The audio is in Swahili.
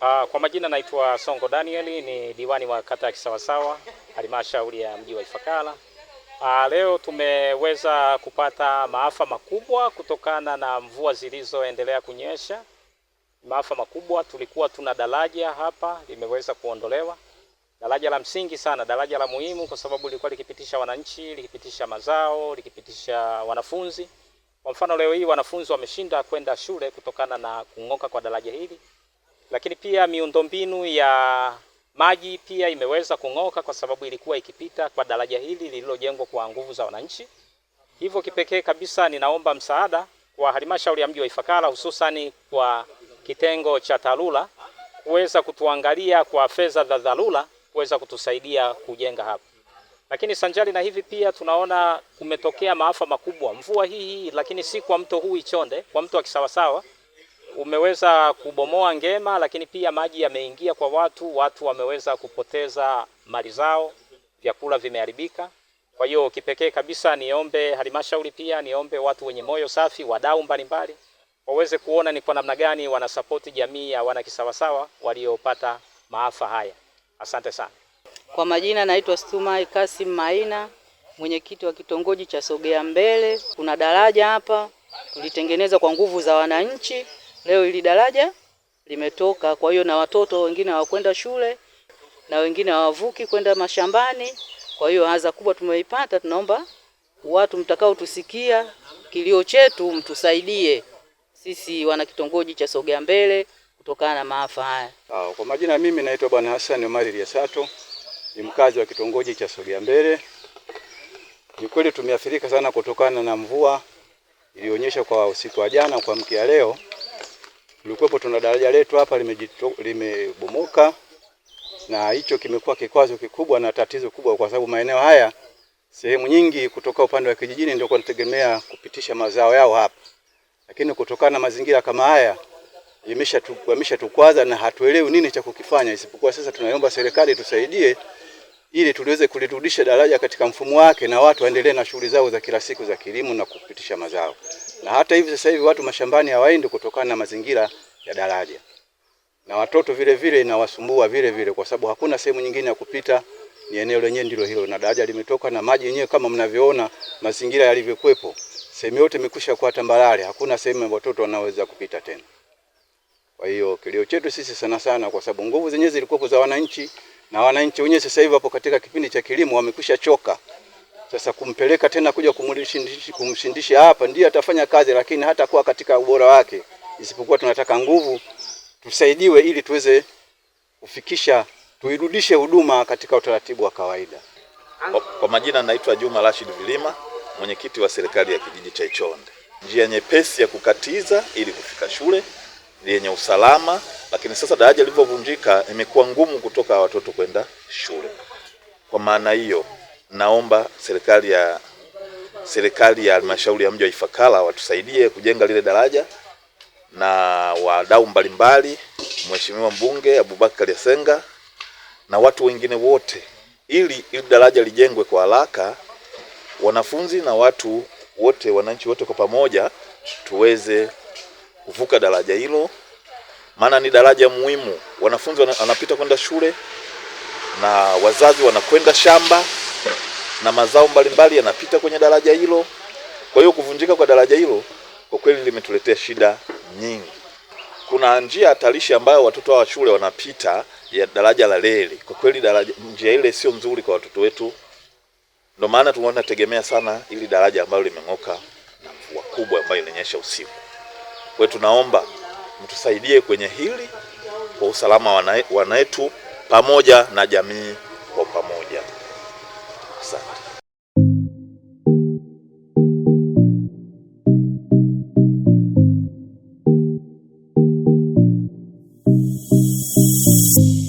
Uh, kwa majina naitwa Songo Danieli ni diwani wa kata ya Kisawasawa halmashauri ya mji wa Ifakara. Uh, leo tumeweza kupata maafa makubwa kutokana na mvua zilizoendelea kunyesha. Maafa makubwa, tulikuwa tuna daraja hapa limeweza kuondolewa, daraja la msingi sana, daraja la muhimu kwa sababu lilikuwa likipitisha wananchi, likipitisha mazao, likipitisha wanafunzi. Kwa mfano leo hii wanafunzi wameshinda kwenda shule kutokana na kung'oka kwa daraja hili. Lakini pia miundombinu ya maji pia imeweza kung'oka kwa sababu ilikuwa ikipita kwa daraja hili lililojengwa kwa nguvu za wananchi. Hivyo kipekee kabisa ninaomba msaada kwa halmashauri ya mji wa Ifakara, hususani kwa kitengo cha TARURA kuweza kutuangalia kwa fedha za dharura kuweza kutusaidia kujenga hapa. Lakini sanjari na hivi pia tunaona kumetokea maafa makubwa mvua hii, lakini si kwa mto huu Ichonde, kwa mto wa Kisawasawa umeweza kubomoa ngema, lakini pia maji yameingia kwa watu, watu wameweza kupoteza mali zao, vyakula vimeharibika. Kwa hiyo kipekee kabisa niombe halmashauri, pia niombe watu wenye moyo safi, wadau mbalimbali waweze kuona ni kwa namna gani wanasapoti jamii ya wana Kisawasawa waliopata maafa haya. Asante sana. Kwa majina naitwa Stumai Kasim Maina, mwenyekiti wa kitongoji cha Sogea Mbele. Kuna daraja hapa tulitengeneza kwa nguvu za wananchi. Leo hili daraja limetoka, kwa hiyo na watoto wengine hawakwenda shule na wengine hawavuki kwenda mashambani. Kwa hiyo adha kubwa tumeipata, tunaomba watu mtakao tusikia kilio chetu mtusaidie sisi wana kitongoji cha Sogea Mbele kutokana na maafa haya. Ah, kwa majina mimi naitwa Bwana Hassan Omari Riasato, ni mkazi wa kitongoji cha Sogea Mbele. Ni kweli tumeathirika sana kutokana na mvua iliyonyesha kwa usiku wa jana kwa mkia leo. Tulikuwepo tuna daraja letu hapa limebomoka, na hicho kimekuwa kikwazo kikubwa na tatizo kubwa, kwa sababu maeneo haya sehemu nyingi kutoka upande wa kijijini ndio wanategemea kupitisha mazao yao hapa, lakini kutokana na mazingira kama haya tukwaza na hatuelewi nini cha kukifanya, isipokuwa sasa tunaomba serikali tusaidie ili tuliweze kulirudisha daraja katika mfumo wake na watu waendelee na shughuli zao za kila siku za kilimo na kupitisha mazao. Na hata hivi sasa hivi watu mashambani hawaendi kutokana na mazingira ya daraja, na watoto vile vile inawasumbua vile vile, kwa sababu hakuna sehemu nyingine ya kupita, ni eneo lenyewe ndilo hilo, na daraja limetoka na maji yenyewe, kama mnavyoona mazingira yalivyokuwepo, sehemu yote imekwisha kuwa tambarare, hakuna sehemu watoto wanaweza kupita tena. Kwa hiyo kilio chetu sisi sana sana, kwa sababu nguvu zenyewe zilikuwa za wananchi, na wananchi wenyewe sasa hivi hapo katika kipindi cha kilimo wamekwisha choka. Sasa kumpeleka tena kuja kumshindisha hapa, ndiye atafanya kazi, lakini hata kuwa katika ubora wake, isipokuwa tunataka nguvu tusaidiwe, ili tuweze kufikisha tuirudishe huduma katika utaratibu wa kawaida. Kwa, kwa majina naitwa Juma Rashid Vilima, mwenyekiti wa serikali ya kijiji cha Ichonde. Njia nyepesi ya kukatiza ili kufika shule yenye usalama, lakini sasa daraja lilivyovunjika imekuwa ngumu kutoka watoto kwenda shule. Kwa maana hiyo, naomba serikali ya serikali ya halmashauri ya mji wa Ifakara watusaidie kujenga lile daraja na wadau mbalimbali, Mheshimiwa mbunge abubakar Yasenga na watu wengine wote, ili ili daraja lijengwe kwa haraka, wanafunzi na watu wote, wananchi wote kwa pamoja tuweze kuvuka daraja hilo, maana ni daraja muhimu. Wanafunzi wanapita kwenda shule na wazazi wanakwenda shamba na mazao mbalimbali yanapita kwenye daraja hilo. Kwa hiyo kuvunjika kwa daraja hilo kwa kweli limetuletea shida nyingi. Kuna njia hatarishi ambayo watoto wa shule wanapita ya daraja la reli. Kwa kweli daraja, njia ile sio nzuri kwa watoto wetu, ndio maana tunategemea sana ili daraja ambalo limeng'oka na mvua kubwa ambayo inanyesha usiku. Kwa hiyo tunaomba mtusaidie kwenye hili kwa usalama wana pamoja na jamii.